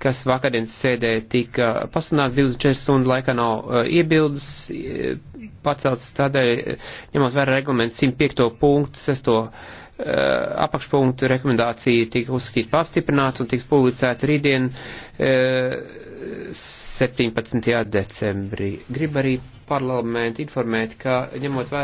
kas vakardienas sēdē tika pasunāts 24 stundu laikā nav uh, iebildes uh, eh, pacelts tādēļ, eh, ņemot vērā reglamentu 105. punktu, 6. Uh, apakšpunktu rekomendācija tika uzskatīta pastiprināta un tiks publicēta rītdien uh, 17. decembrī. Grib arī parlamentu informēt, ka ņemot vērā